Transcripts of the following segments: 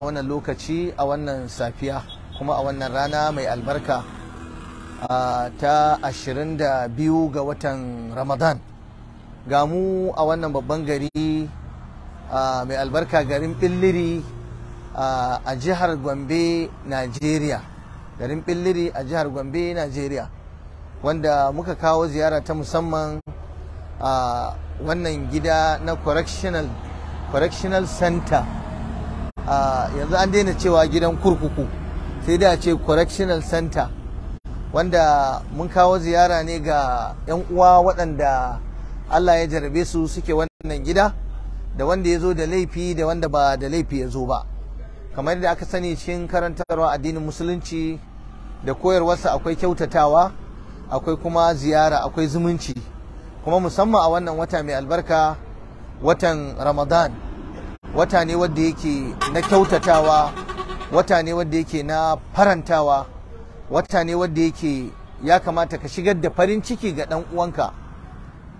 wannan lokaci a wannan safiya kuma a wannan rana mai albarka ta 22 ga watan ramadan ga mu a wannan babban gari mai albarka garin billiri a jihar gombe nigeria garin billiri a jihar gombe nigeria wanda muka kawo ziyara ta musamman a wannan gida na correctional correctional center yanzu an daina cewa gidan kurkuku sai da ce correctional center wanda mun kawo ziyara ne ga 'yan uwa waɗanda Allah ya jarabe su suke wannan gida da wanda ya zo da laifi da wanda ba da laifi ya zo ba kamar da aka sani cikin karantarwa addinin musulunci da koyarwarsa akwai kyautatawa akwai kuma ziyara akwai zumunci kuma musamman a wannan wata mai albarka watan ramadan wata ne wadda yake na kyautatawa wata ne wadda yake na farantawa wata ne wadda yake ya kamata ka shigar da farin ciki ga dan uwanka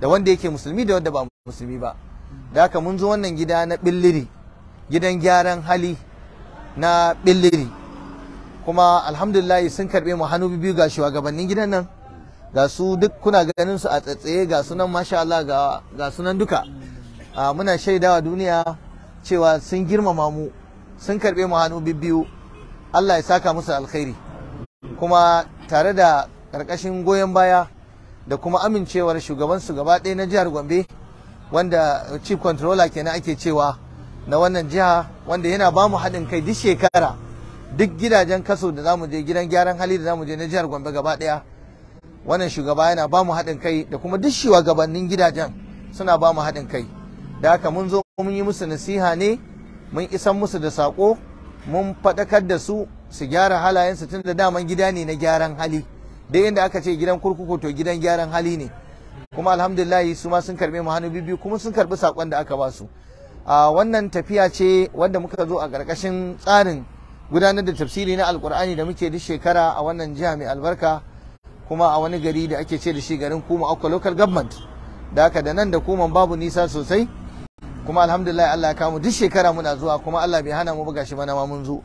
da wanda yake musulmi da wanda ba musulmi ba da haka mun zo wannan gida na billiri gidan gyaran hali na billiri kuma alhamdulillah sun karbe mu hannu biyu ga shugabannin gidan nan ga su duk kuna ganin su a tsatsaye ga sunan masha Allah ga sunan duka ah, muna shaidawa duniya cewa sun girmama mu sun karbe mu hannu biyu-biyu Allah ya saka musu alkhairi kuma tare da karkashin goyon baya da kuma amincewar su gaba ɗaya na jihar Gombe wanda chief controller kenan ake cewa na wannan jiha wanda yana ba mu haɗin kai duk shekara duk gidajen kaso da zamu je gidan gyaran hali da zamu je na jihar Gombe gaba ɗaya wannan shugaba yana ba mu haɗin kai da kuma duk gabanin gidajen suna ba mu haɗin kai da haka mun zo mun yi musu nasiha ne mun isan musu da sako, mun faɗakar da su su gyara halayensu tun da daman gida ne na gyaran hali dai inda aka ce gidan kurkuku to gidan gyaran hali ne kuma alhamdulillah su ma sun karɓi mu hannu biyu kuma sun karɓi saƙon da aka ba su a wannan tafiya ce wanda muka zo a ƙarƙashin tsarin gudanar da tafsiri na alƙur'ani da muke duk shekara a wannan jiha mai albarka kuma a wani gari da ake ce da shi garin kuma akwa local government da aka da nan da kuma babu nisa sosai kuma alhamdulillah Allah ya kamu duk shekara muna zuwa kuma Allah bai hana mu buga shi bana ma mun zo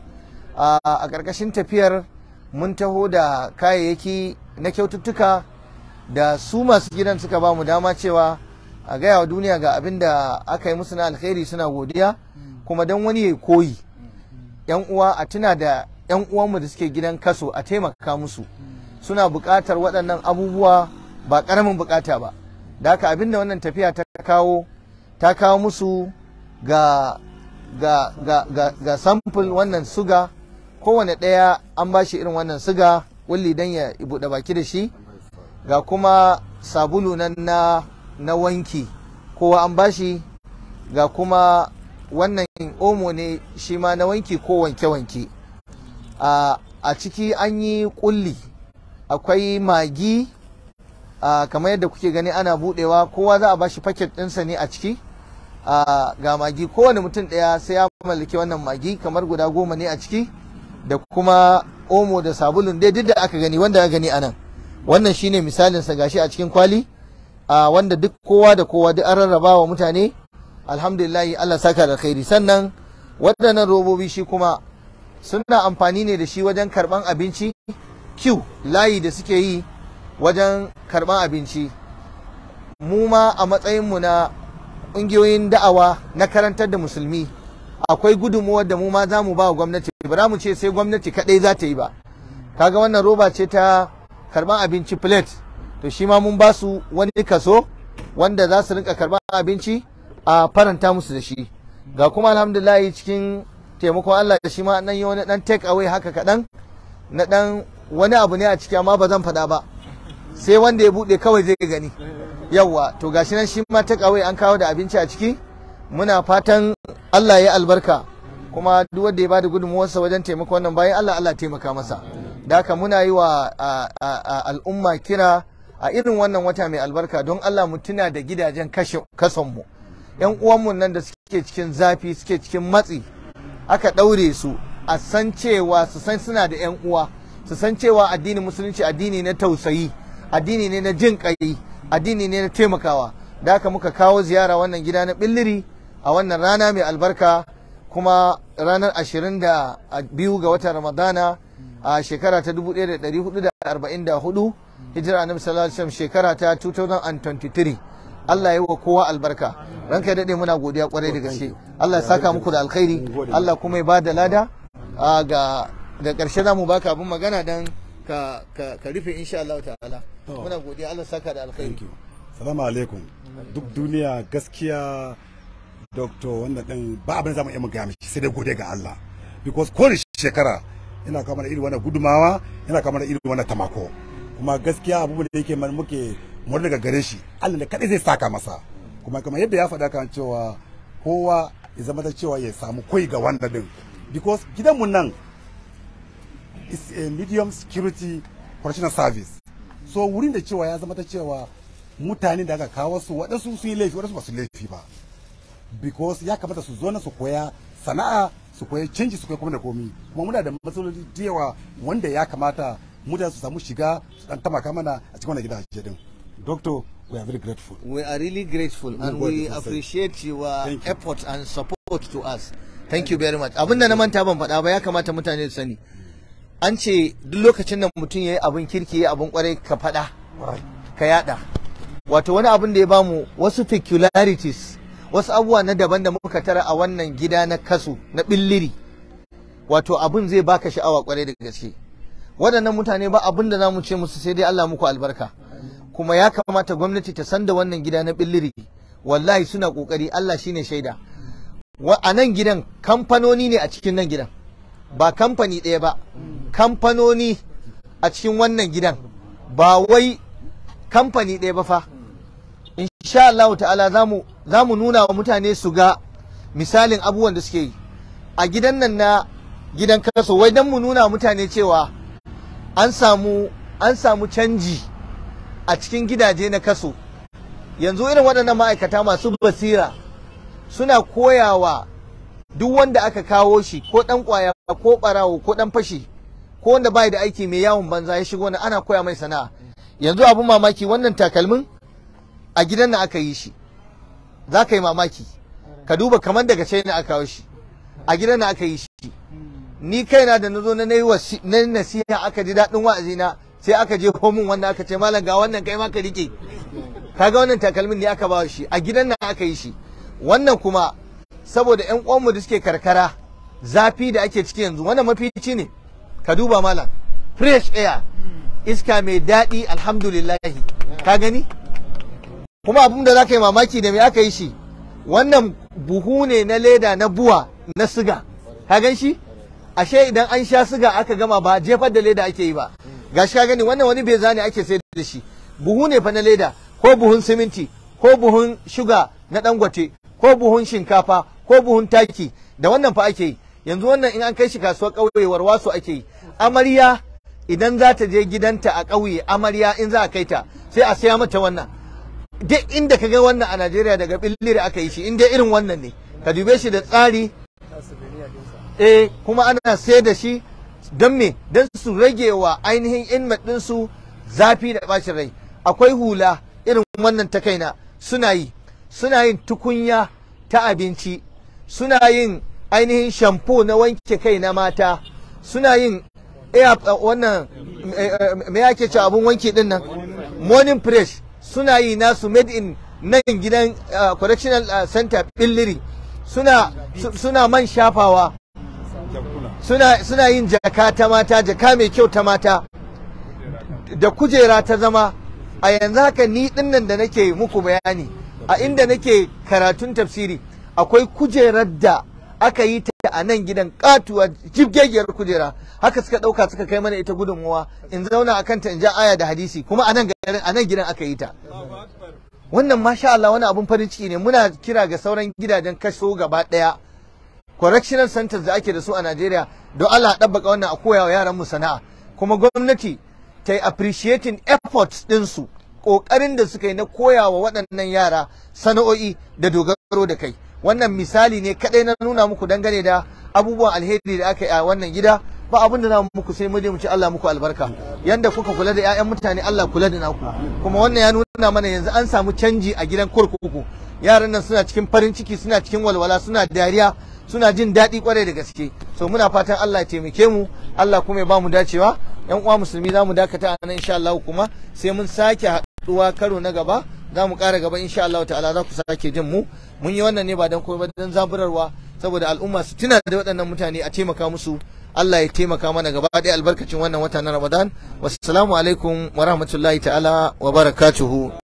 a karkashin tafiyar mun taho da kayayyaki na kyaututtuka da su masu gidan suka ba mu dama cewa a gaya wa duniya ga abin da aka yi musu na alkhairi suna godiya kuma don wani ya koyi yan uwa a tuna da yan uwanmu da suke gidan kaso a taimaka musu suna buƙatar waɗannan abubuwa ba ƙaramin buƙata ba da haka abin da wannan tafiya ta kawo ta kawo musu ga ga ga ga, ga sample wannan suga kowane ɗaya an ba shi irin wannan suga wulli dan ya buɗe baki da shi ga kuma sabulu nan na na wanki kowa an ba shi ga kuma wannan omo ne shi ma na wanki ko wanke-wanke a ciki an yi kulli akwai magi kamar yadda kuke gani ana buɗewa kowa za a bashi paket ɗinsa ne a ciki ga magi kowane mutum ɗaya sai ya mallaki wannan magi kamar guda goma ne a ciki da kuma omo da sabulun dai duk da aka gani wanda ya gani anan wannan shine misalin sa gashi a cikin kwali a wanda duk kowa da kowa duk an rarraba wa mutane alhamdulillah Allah saka da khairi sannan waɗannan robobi shi kuma suna amfani ne da shi wajen karban abinci Q layi da suke yi wajen karban abinci mu ma a matsayin mu na ƙungiyoyin da'awa na karantar da musulmi akwai gudunmuwar da mu ma za mu ba wa gwamnati ba za mu ce sai gwamnati kaɗai za ta yi ba kaga wannan roba ce ta karban abinci plate to shi ma mun ba su wani kaso wanda za su rinka karban abinci a faranta musu da shi ga kuma alhamdulillah cikin taimakon Allah da shi ma nan yi wani dan take away haka kaɗan na dan wani abu ne a ciki amma ba zan faɗa ba sai wanda ya bude kawai zai gani yawwa to gashi nan shi ma ta kawai an kawo da abinci a ciki muna fatan Allah ya albarka kuma duk wanda ya bada sa wajen taimako wannan bayan Allah Allah taimaka masa da haka muna yi wa al'umma kira a irin wannan wata mai albarka don Allah mu tuna da gidajen kason mu yan uwanmu nan da suke cikin zafi suke cikin matsi aka ɗaure su a san cewa su san suna da yan uwa su san cewa addinin musulunci addini na tausayi addini ne na jin kai addini ne na taimakawa da haka muka kawo ziyara wannan gida na billiri a wannan rana mai albarka kuma ranar 22 ga watan ramadana a shekara ta 1444 hijira na sallallahu shan shekara ta 2023 Allah ya yi wa kowa albarka ranka ya dade muna godiya kwarai da gaske Allah ya saka muku da alkhairi Allah kuma ya ba da lada ga da ƙarshe za mu baka abin magana don ka ka ka rufe insha Allah ta'ala muna godiya Allah saka da alkhairi salamu alaikum duk duniya gaskiya doctor wannan din ba abin zamu iya magana shi sai dai gode ga Allah because ko shekara ina kamar irin wannan gudumawa ina kamar irin wannan tamako kuma gaskiya abubuwan da yake muke murna daga gare shi Allah ne kadai zai saka masa kuma kamar yadda ya faɗa kan cewa kowa ya zama da cewa ya samu koi ga wanda din because gidanmu nan is a medium security professional service so wurin da cewa ya zama ta cewa mutane da aka kawo su waɗansu sun yi laifi waɗansu ba su laifi ba because ya kamata su zo na su koya sana'a su koya canji su koya kuma da komi kuma muna da matsaloli da yawa wanda ya kamata mutane su samu shiga su ɗan tamaka mana a cikin wannan gidaje din doctor we are very grateful we are really grateful and, and we appreciate your you. effort and support to us thank you very much abinda na manta ban faɗa ba ya kamata mutane su sani an ce duk lokacin da mutum ya yi abin kirki abin kwarai ka faɗa ka yada wato wani abin da ya bamu wasu peculiarities wasu abubuwa na daban da muka tara a wannan gida na kasu na billiri wato abin zai baka sha'awa kwarai da gaske waɗannan mutane ba abin da namu ce musu sai dai Allah muku albarka kuma ya kamata gwamnati ta san da wannan gida na billiri wallahi suna kokari Allah shine shaida a nan gidan kamfanoni ne a cikin nan gidan ba kamfani ɗaya ba kamfanoni a cikin wannan gidan ba wai kamfani ɗaya ba fa insha Allah ta'ala za mu nuna wa mutane su ga misalin abubuwan da suke yi a gidan nan na gidan kaso wai don mu nuna mutane cewa an samu an samu canji a cikin gidaje na kaso yanzu irin waɗannan ma'aikata masu basira suna koyawa duk wanda aka kawo shi ko dan kwaya ko barawo ko dan fashi ko wanda bai da aiki mai yawon banza ya shigo nan ana koya mai sana'a yanzu abu mamaki wannan takalmin a gidan nan aka yi shi za ka yi mamaki ka duba kamar daga ne aka kawo shi a gidan nan aka yi shi ni kaina da na zo na nayi na nasiha aka ji dadin wa'azi na sai aka je komun wanda aka ce malam ga wannan kai ma ka rike kaga wannan takalmin ne aka ba shi a gidan nan aka yi shi wannan kuma saboda ƴan uwanmu da suke karkara zafi da ake ciki yanzu wannan mafici ne ka duba malam fresh air iska mai daɗi alhamdulillahi ka gani kuma abin da za ka yi mamaki da me aka yi shi wannan buhu ne na leda na buwa na siga ka gan shi ashe idan an sha siga aka gama ba jefar da leda ake yi ba gashi ka gani wannan wani beza ne ake sayar da shi buhu ne fa na leda ko buhun siminti ko buhun shuga na dangote ko buhun shinkafa ko buhun taki da wannan fa ake yi yanzu wannan in an kai shi kasuwar ƙauye warwaso ake yi amarya idan za ta je gidanta a ƙauye amarya in za a kai ta sai a siya mata wannan duk inda ka ga wannan a Najeriya daga billiri aka yi shi in dai irin wannan ne ka dube shi da tsari eh kuma ana sayar da shi don me don su rage wa ainihin inmat ɗinsu zafi da bacin rai akwai hula irin wannan ta kaina suna yi suna yin tukunya ta abinci suna yin ainihin shampo na wanke kai na mata suna yin uh, wannan me yake uh, ce abun wanke din nan morning fresh suna yi nasu made in nan gidan uh, correctional center billiri suna suna man shafawa suna suna yin jaka ta mata jaka mai kyau ta mata da kujera ta zama a yanzu haka ni dinnan da nake muku bayani a inda nake karatun tafsiri akwai kujerar da aka yi ta a nan gidan katuwa jibgegiyar kujera haka suka ɗauka suka kai mana ita gudunmuwa in zauna a kanta in ja aya da hadisi kuma a nan gidan aka yi ta wannan masha Allah wani abun farin ciki ne muna kira ga sauran gidajen kaso gaba ɗaya correctional centers da ake da su a Najeriya don Allah dabbaka wannan a koyawa yaran mu sana'a kuma gwamnati ta yi appreciating efforts su, ƙoƙarin da suka yi na koyawa waɗannan yara sana'o'i da dogaro da kai wannan misali ne kadai na nuna muku dangane da abubuwan alheri da aka yi a wannan gida ba abin da mu muku sai mu je mu ci Allah muku albarka yanda kuka kula da ƴaƴan mutane Allah kula da naku kuma wannan ya nuna mana yanzu an samu canji a gidan kurkuku yaran nan suna cikin farin ciki suna cikin walwala suna dariya suna jin daɗi kwarai da gaske so muna fatan Allah ya taimake mu Allah kuma ya ba mu dacewa Ƴan uwa musulmi za mu dakata a nan insha Allah kuma sai mun sake haɗuwa karo na gaba za mu ƙara gaba insha Allah ta'ala za ku sake jin mu mun yi wannan ne ba dan koyi ba dan zaburarwa saboda al'umma su tuna da waɗannan mutane a taimaka musu Allah ya taimaka mana gaba ɗaya albarkacin wannan wata na Ramadan wassalamu alaikum wa rahmatullahi ta'ala wa barakatuhu